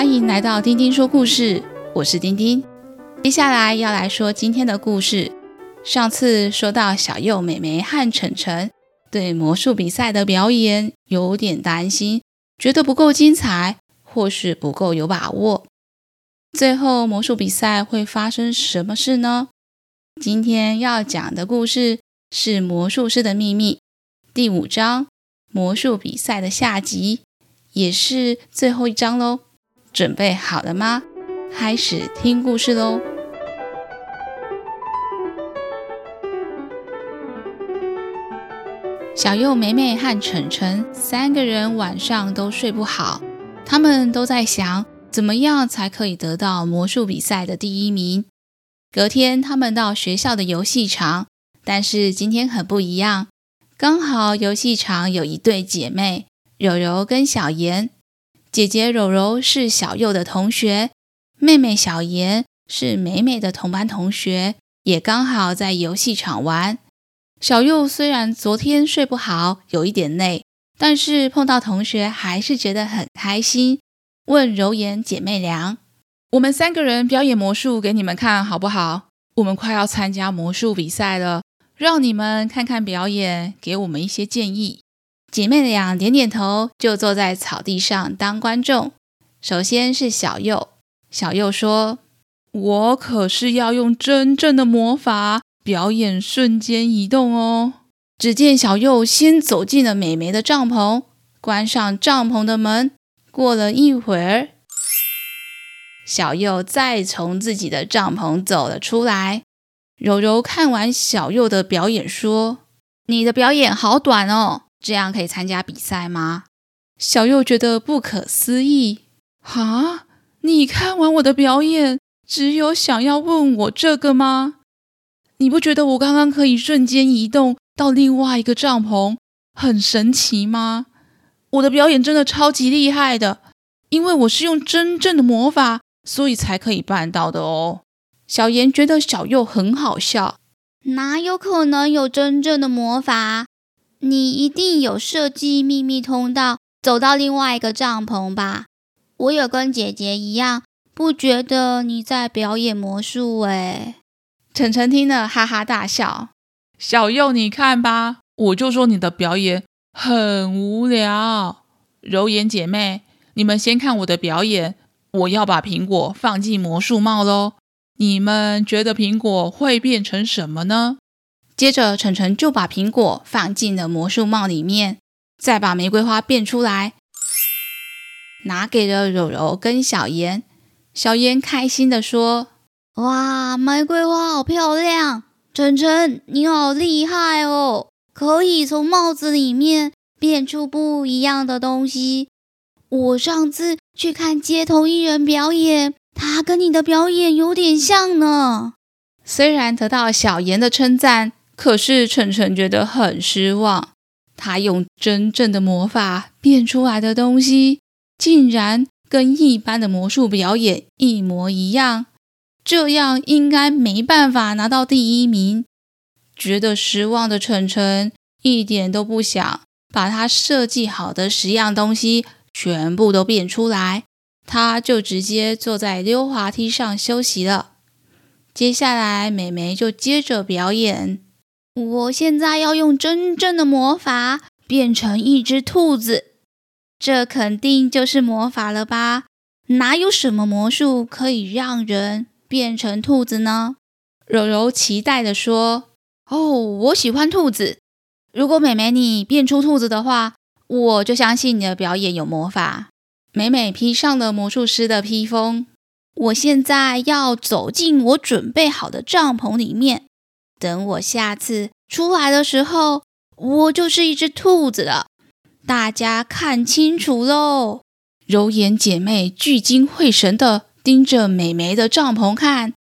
歡迎來到丁丁說故事，我是丁丁。接下來要來說今天的故事。上次說到小佑美美和呈呈對魔術比賽的表演有點擔心，覺得不夠精彩，或是不夠有把握。最後魔術比賽會發生什麼事呢？今天要講的故事是《魔術師的秘密》第五章魔術比賽的下集，也是最後一章嘍。準備好了嗎？開始聽故事嘍。小佑美美和呈呈三個人晚上都睡不好，他們都在想，怎麼樣才可以得到魔術比賽的第一名。隔天，他們到學校的遊戲場，但是今天很不一樣，剛好遊戲場有一對姐妹，柔柔跟小妍。姐姐柔柔是小佑的同學，妹妹小妍是美美的同班同學，也剛好在遊戲場玩。小佑雖然昨天睡不好，有一點累，但是碰到同學還是覺得很開心。問柔妍姐妹倆：“我們三個人表演魔術給你們看好不好？我們快要參加魔術比賽了，讓你們看看表演，給我們一些建議。”姐妹倆點點頭，就坐在草地上當觀眾。首先是小佑，小佑說：“我可是要用真正的魔法表演瞬間移動哦。”只見小佑先走進了美美的帳篷，關上帳篷的門。過了一會兒，小佑再從自己的帳篷走了出來。柔柔看完小佑的表演，說：“你的表演好短哦。”這樣可以參加比賽嗎？小佑覺得不可思議。啊，你看完我的表演，只有想要問我這個嗎？你不覺得我剛剛可以瞬間移動到另外一個帳篷，很神奇嗎？我的表演真的超級厲害的，因為我是用真正的魔法，所以才可以辦到的哦。小妍覺得小佑很好笑。哪有可能有真正的魔法？你一定有設計秘密通道，走到另外一個帳篷吧？我有跟姐姐一樣，不覺得你在表演魔術哎、欸。呈呈聽了哈哈大笑。小佑，你看吧,我就說你的表演很無聊。柔眼姐妹，你們先看我的表演，我要把蘋果放進魔術帽嘍。你們覺得蘋果會變成什麼呢？接着，呈呈就把蘋果放進了魔術帽裡面，再把玫瑰花變出來，拿給了柔柔跟小妍。小妍開心的說：“哇，玫瑰花好漂亮！呈呈，你好厲害哦，可以從帽子裡面變出不一樣的東西。我上次去看街頭藝人表演，他跟你的表演有點像呢。雖然得到小妍的稱讚。”可是呈呈覺得很失望，他用真正的魔法變出來的東西，竟然跟一般的魔術表演一模一樣，這樣應該沒辦法拿到第一名。覺得失望的呈呈一點都不想把他設計好的十樣東西全部都變出來，他就直接坐在溜滑梯上休息了。接下來美美就接着表演。我現在要用真正的魔法變成一隻兔子，這肯定就是魔法了吧？哪有什麼魔術可以讓人變成兔子呢？柔柔期待地說：“哦，我喜歡兔子。如果美美你變出兔子的話，我就相信你的表演有魔法。”美美披上了魔術師的披風，我現在要走進我準備好的帳篷裡面。等我下次出來的時候，我就是一隻兔子了。大家看清楚嘍！柔妍姐妹聚精會神地盯着美美的帳篷看。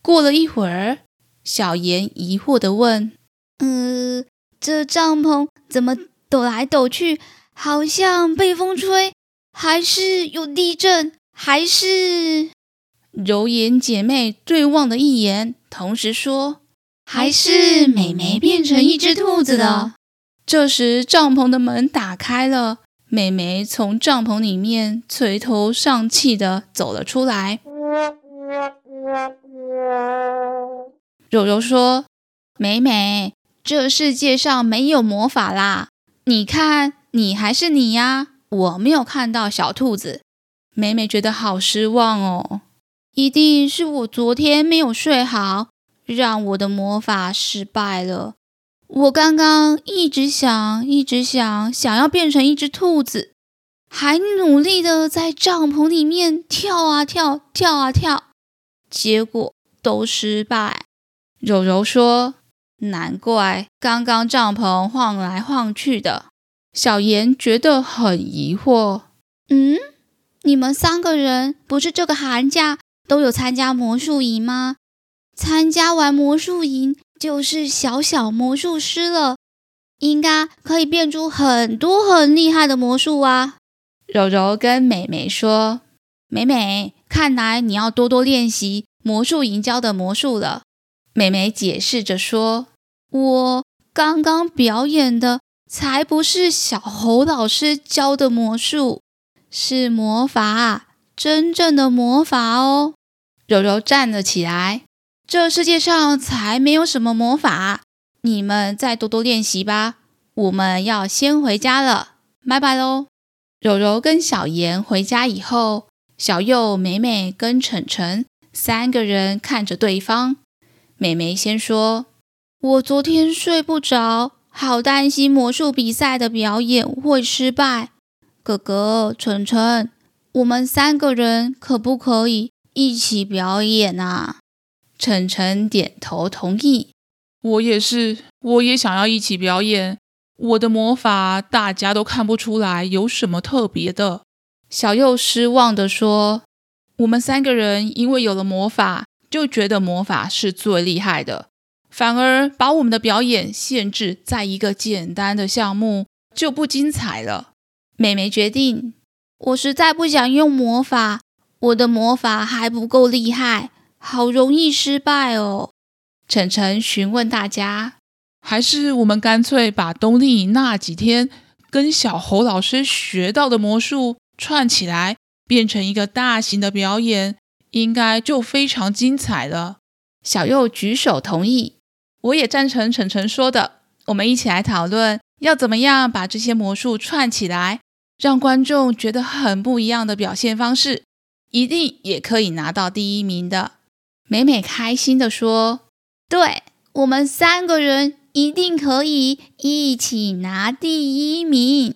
過了一會兒，小妍疑惑地問：“呃，這帳篷怎麼抖來抖去？好像被風吹，還是有地震？還是……”柔妍姐妹對望了一眼，同時說。還是美美變成一隻兔子了。這時，帳篷的門打開了，美美從帳篷裡面垂頭喪氣的走了出來。柔柔說：“美美，這世界上沒有魔法啦！你看，你還是你呀、啊，我沒有看到小兔子。”美美覺得好失望哦，一定是我昨天沒有睡好讓我的魔法失敗了。我剛剛一直想，一直想，想要變成一隻兔子，還努力的在帳篷裡面跳啊跳，跳啊跳，結果都失敗。柔柔說：“難怪剛剛帳篷晃來晃去的。”小妍覺得很疑惑：“嗯，你們三個人不是這個寒假都有參加魔術營嗎？”參加完魔術營，就是小小魔術師了，應該可以變出很多很厲害的魔術啊！柔柔跟美美說：“美美，看來你要多多練習魔術營教的魔術了。”美美解釋着說：“我剛剛表演的才不是小猴老師教的魔術，是魔法，真正的魔法哦！”柔柔站了起來。這世界上才沒有什麼魔法，你們再多多練習吧。我們要先回家了，拜拜嘍！柔柔跟小妍回家以後，小佑、美美跟呈呈三個人看着對方。美美先說：“我昨天睡不着，好擔心魔術比賽的表演會失敗。哥哥、呈呈，我們三個人可不可以一起表演啊？”呈呈點頭同意，我也是，我也想要一起表演。我的魔法大家都看不出來有什麼特別的。小佑失望地說：“我們三個人因為有了魔法，就覺得魔法是最厲害的，反而把我們的表演限制在一個簡單的項目，就不精彩了。”美美決定：“我實在不想用魔法，我的魔法還不夠厲害。”好容易失敗哦！呈呈詢問大家，還是我們乾脆把冬令營那幾天跟小猴老師學到的魔術串起來，變成一個大型的表演，應該就非常精彩了。小佑舉手同意，我也贊成呈呈說的。我們一起來討論要怎麼樣把這些魔術串起來，讓觀眾覺得很不一樣的表現方式，一定也可以拿到第一名的。美美開心的說：“對，我們三個人一定可以一起拿第一名。”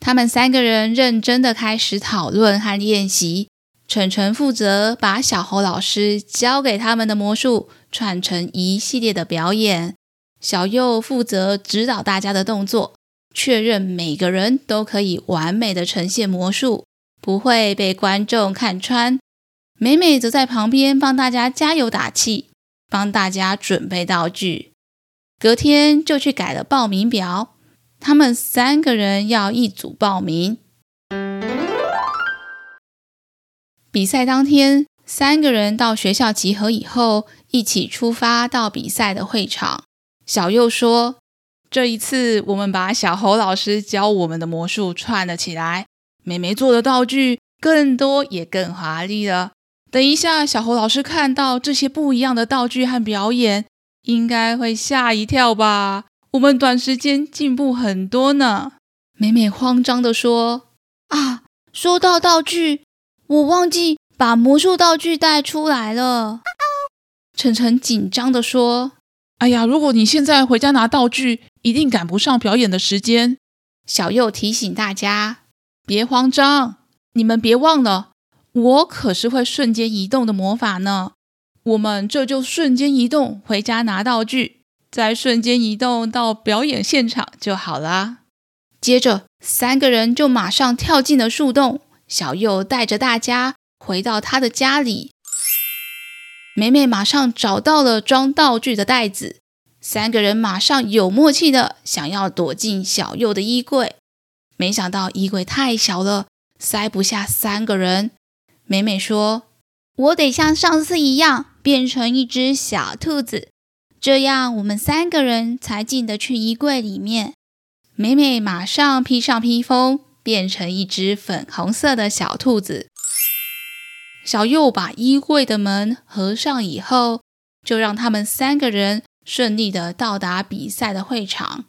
他們三個人認真的開始討論和練習。呈呈負責把小猴老師教給他們的魔術串成一系列的表演，小佑負責指導大家的動作，確認每個人都可以完美的呈現魔術，不會被觀眾看穿。美美則在旁邊幫大家加油打氣，幫大家準備道具。隔天就去改了報名表。他們三個人要一組報名。比賽當天，三個人到學校集合以後，一起出發到比賽的會場。小佑說：“這一次，我們把小猴老師教我們的魔術串了起來。美美做的道具更多也更華麗了。”等一下，小猴老師看到這些不一樣的道具和表演，應該會嚇一跳吧？我們短時間進步很多呢。美美慌張的說：“啊，說到道具，我忘記把魔術道具帶出來了。”呈呈緊張的說：“哎呀，如果你現在回家拿道具，一定趕不上表演的時間。”小佑提醒大家：“別慌張，你們別忘了。”我可是會瞬間移動的魔法呢！我們這就瞬間移動回家拿道具，再瞬間移動到表演現場就好啦。接着，三個人就馬上跳進了樹洞。小佑帶着大家回到他的家裡，美美馬上找到了裝道具的袋子。三個人馬上有默契的想要躲進小佑的衣櫃，沒想到衣櫃太小了，塞不下三個人。美美說：“我得像上次一樣變成一隻小兔子，這樣我們三個人才進得去衣櫃裡面。”美美馬上披上披風，變成一隻粉紅色的小兔子。小佑把衣櫃的門合上以後，就讓他們三個人順利的到達比賽的會場。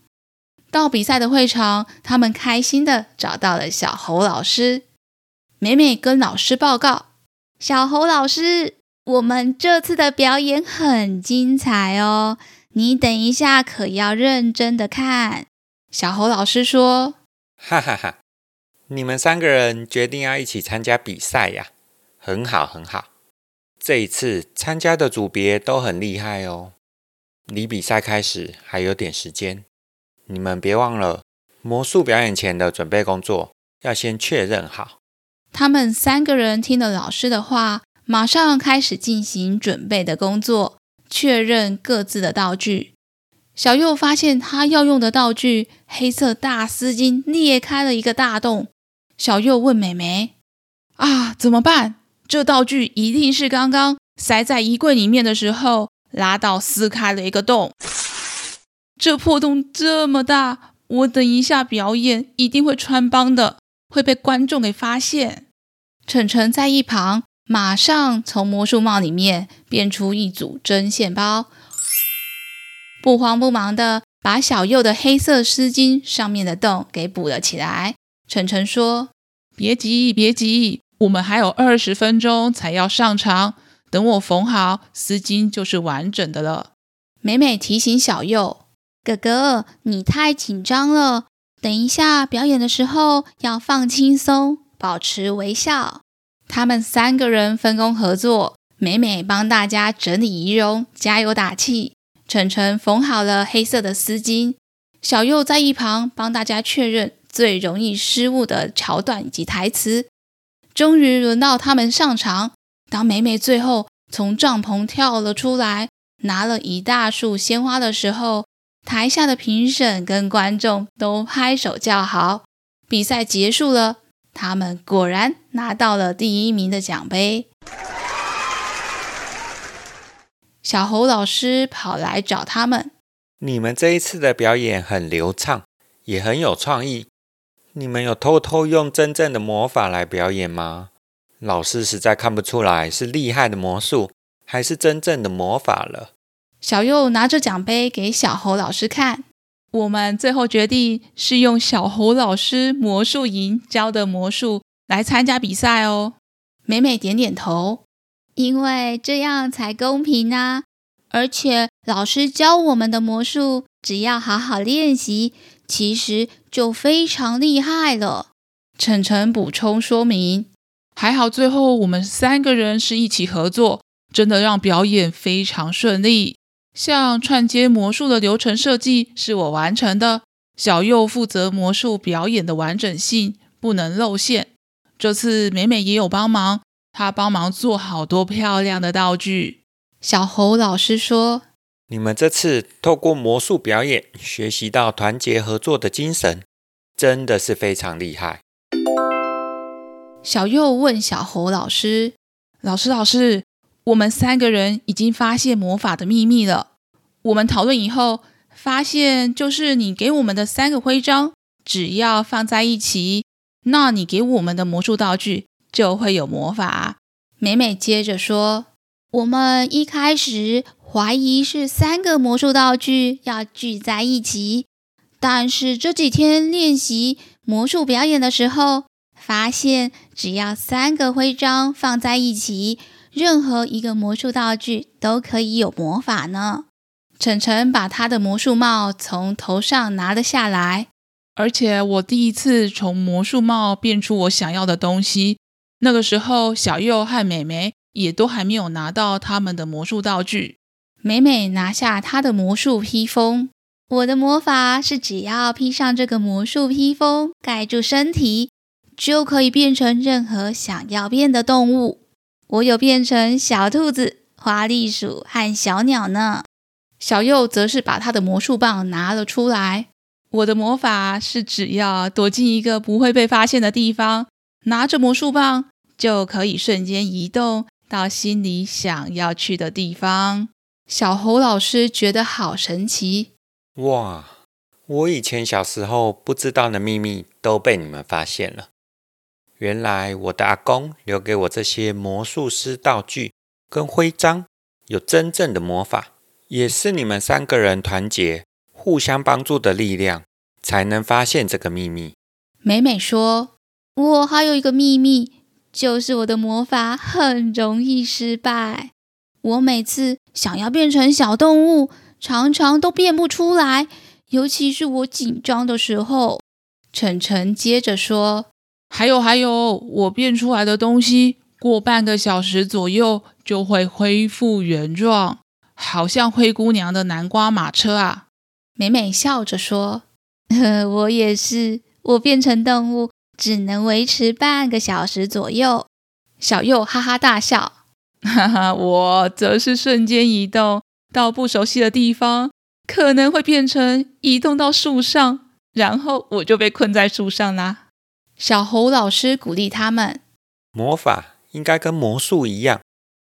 到比賽的會場，他們開心的找到了小猴老師。美美跟老師報告：“小猴老師，我們這次的表演很精彩哦，你等一下可要認真的看。”小猴老師說：“哈哈哈哈，你們三個人決定要一起參加比賽呀、啊，很好很好。這一次參加的組別都很厲害哦，離比賽開始還有點時間，你們別忘了魔術表演前的準備工作要先確認好。”他們三個人聽了老師的話，馬上開始進行準備的工作，確認各自的道具。小佑發現他要用的道具——黑色大絲巾，裂開了一個大洞。小佑問美美：“啊，怎麼辦？這道具一定是剛剛塞在衣櫃裡面的時候拉到撕開了一個洞。這破洞這麼大，我等一下表演一定會穿幫的。”會被觀眾給發現。呈呈在一旁，馬上從魔術帽裡面變出一組針線包，不慌不忙的把小佑的黑色絲巾上面的洞給補了起來。呈呈說：“別急，別急，我們還有二十分鐘才要上場，等我縫好絲巾就是完整的了。”美美提醒小佑：“哥哥，你太緊張了。”等一下，表演的時候要放輕鬆，保持微笑。他們三個人分工合作，美美幫大家整理儀容，加油打氣；呈呈縫好了黑色的絲巾，小佑在一旁幫大家確認最容易失誤的橋段以及台詞。終於輪到他們上場，當美美最後從帳篷跳了出來，拿了一大束鮮花的時候。台下的評審跟觀眾都拍手叫好。比賽結束了，他們果然拿到了第一名的獎杯。小猴老師跑來找他們：“你們這一次的表演很流暢，也很有創意。你們有偷偷用真正的魔法來表演嗎？老師實在看不出來是厲害的魔術，還是真正的魔法了。”小佑拿着獎杯給小猴老師看，我們最後決定是用小猴老師魔術營教的魔術來參加比賽哦。美美點點頭，因為這樣才公平啊！而且老師教我們的魔術，只要好好練習，其實就非常厲害了。呈呈補充說明，還好最後我們三個人是一起合作，真的讓表演非常順利。像串接魔術的流程設計是我完成的，小佑負責魔術表演的完整性，不能露餡。這次美美也有幫忙，她幫忙做好多漂亮的道具。小侯老師說：“你們這次透過魔術表演，學習到團結合作的精神，真的是非常厲害。”小佑問小侯老師：“老師老師。”我們三個人已經發現魔法的秘密了。我們討論以後發現，就是你給我們的三個徽章，只要放在一起，那你給我們的魔術道具就會有魔法。美美接着說：“我們一開始懷疑是三個魔術道具要聚在一起，但是這幾天練習魔術表演的時候，發現只要三個徽章放在一起。”任何一個魔術道具都可以有魔法呢。呈呈，把他的魔術帽從頭上拿了下來，而且我第一次從魔術帽變出我想要的東西。那個時候，小佑和美美也都還沒有拿到他們的魔術道具。美美拿下他的魔術披風，我的魔法是只要披上這個魔術披風，蓋住身體，就可以變成任何想要變的動物。我有變成小兔子、花栗鼠和小鳥呢。小佑則是把他的魔術棒拿了出來。我的魔法是只要躲進一個不會被發現的地方，拿着魔術棒就可以瞬間移動到心裡想要去的地方。小猴老師覺得好神奇！哇，我以前小時候不知道的秘密都被你們發現了。原來我的阿公留給我這些魔術師道具跟徽章，有真正的魔法，也是你們三個人團結、互相幫助的力量，才能發現這個秘密。美美說：“我還有一個秘密，就是我的魔法很容易失敗。我每次想要變成小動物，常常都變不出來，尤其是我緊張的時候。”呈呈接着說。還有還有，我變出來的東西過半個小時左右就會恢復原狀，好像灰姑娘的南瓜馬車啊。美美笑着說呵：“我也是，我變成動物只能維持半個小時左右。”小佑哈哈大笑：“哈哈，我則是瞬間移動到不熟悉的地方，可能會變成移動到樹上，然後我就被困在樹上啦。”小猴老師鼓勵他們：“魔法應該跟魔術一樣，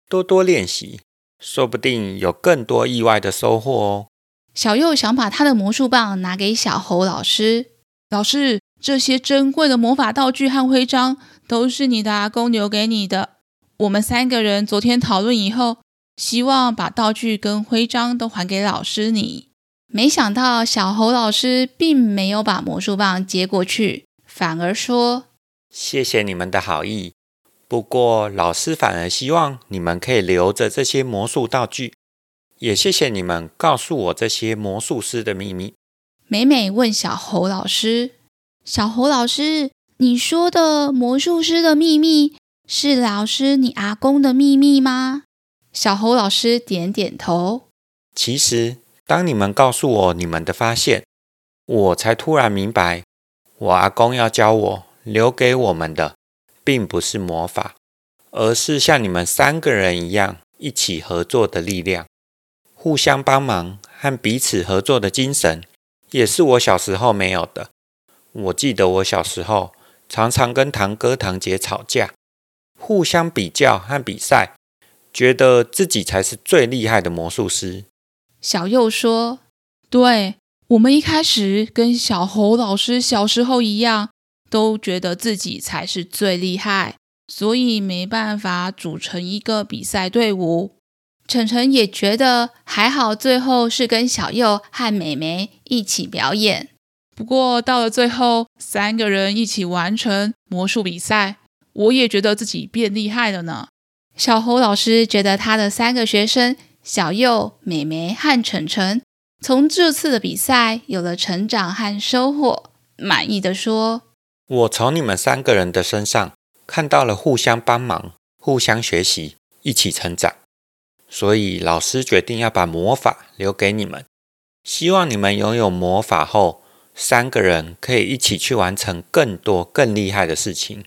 多多練習，說不定有更多意外的收穫哦。”小佑想把他的魔術棒拿給小猴老師。老師，這些珍貴的魔法道具和徽章都是你的阿公留給你的。我們三個人昨天討論以後，希望把道具跟徽章都還給老師你。沒想到小猴老師並沒有把魔術棒接過去，反而說：“謝謝你們的好意，不過老師反而希望你們可以留着這些魔術道具，也謝謝你們告訴我這些魔術師的秘密。”美美問小猴老師：“小猴老師，你說的魔術師的秘密是老師你阿公的秘密嗎？”小猴老師點點頭。其實，當你們告訴我你們的發現，我才突然明白，我阿公要教我，留給我們的，並不是魔法，而是像你們三個人一樣，一起合作的力量，互相幫忙和彼此合作的精神，也是我小時候沒有的。我記得我小時候常常跟堂哥堂姐吵架，互相比較和比賽，覺得自己才是最厲害的魔術師。小佑說：“對。”我們一開始跟小猴老師小時候一樣，都覺得自己才是最厲害，所以沒辦法組成一個比賽隊伍。呈呈也覺得還好，最後是跟小佑和美美一起表演。不過到了最後，三個人一起完成魔術比賽，我也覺得自己變厲害了呢。小猴老師覺得他的三個學生，小佑、美美和呈呈。從這次的比賽有了成長和收穫，滿意的說：“我從你們三個人的身上看到了互相幫忙、互相學習、一起成長。所以老師決定要把魔法留給你們，希望你們擁有魔法後，三個人可以一起去完成更多更厲害的事情。”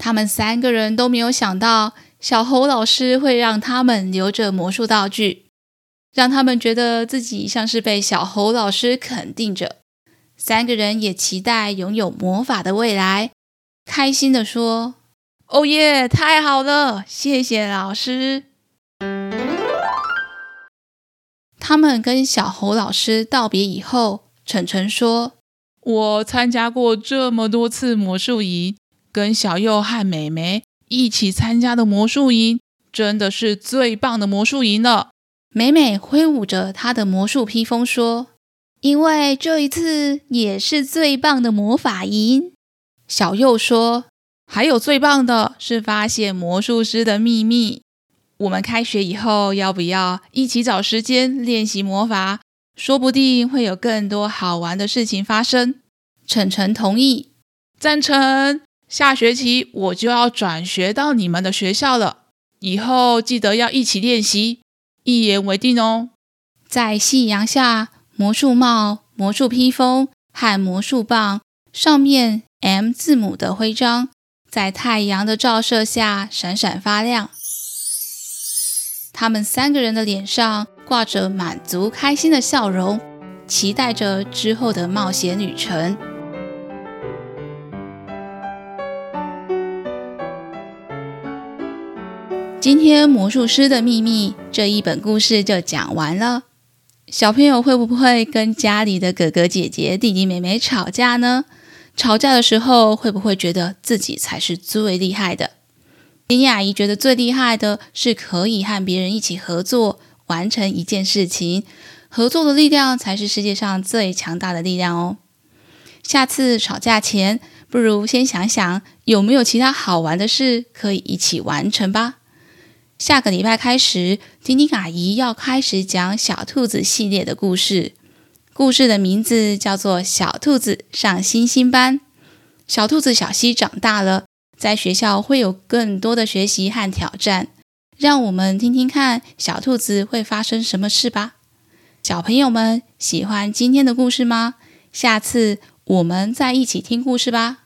他們三個人都沒有想到，小猴老師會讓他們留着魔術道具。讓他們覺得自己像是被小猴老師肯定着。三個人也期待擁有魔法的未來，開心地說：“哦耶，太好了！謝謝老師。”他們跟小猴老師道別以後，呈呈說：“我參加過這麼多次魔術營，跟小佑和美美一起參加的魔術營，真的是最棒的魔術營了。”美美揮舞着她的魔術披風說：“因為這一次也是最棒的魔法營。”小佑說：“還有最棒的是發現魔術師的秘密。我們開學以後要不要一起找時間練習魔法？說不定會有更多好玩的事情發生。”呈呈同意，贊成。下學期我就要轉學到你們的學校了，以後記得要一起練習。一言為定哦！在夕陽下，魔術帽、魔術披風和魔術棒上面 “M” 字母的徽章在太陽的照射下閃閃發亮。他們三個人的臉上掛着滿足、開心的笑容，期待着之後的冒險旅程。今天魔術師的秘密這一本故事就講完了。小朋友會不會跟家裡的哥哥姐姐、弟弟妹妹吵架呢？吵架的時候會不會覺得自己才是最厲害的？丁丁阿姨覺得最厲害的是可以和別人一起合作完成一件事情，合作的力量才是世界上最強大的力量哦。下次吵架前，不如先想想有沒有其他好玩的事可以一起完成吧。下個禮拜開始，丁丁阿姨要開始講小兔子系列的故事。故事的名字叫做《小兔子上星星班》。小兔子小溪長大了，在學校會有更多的學習和挑戰。讓我們聽聽看小兔子會發生什麼事吧。小朋友們喜歡今天的故事嗎？下次我們再一起聽故事吧。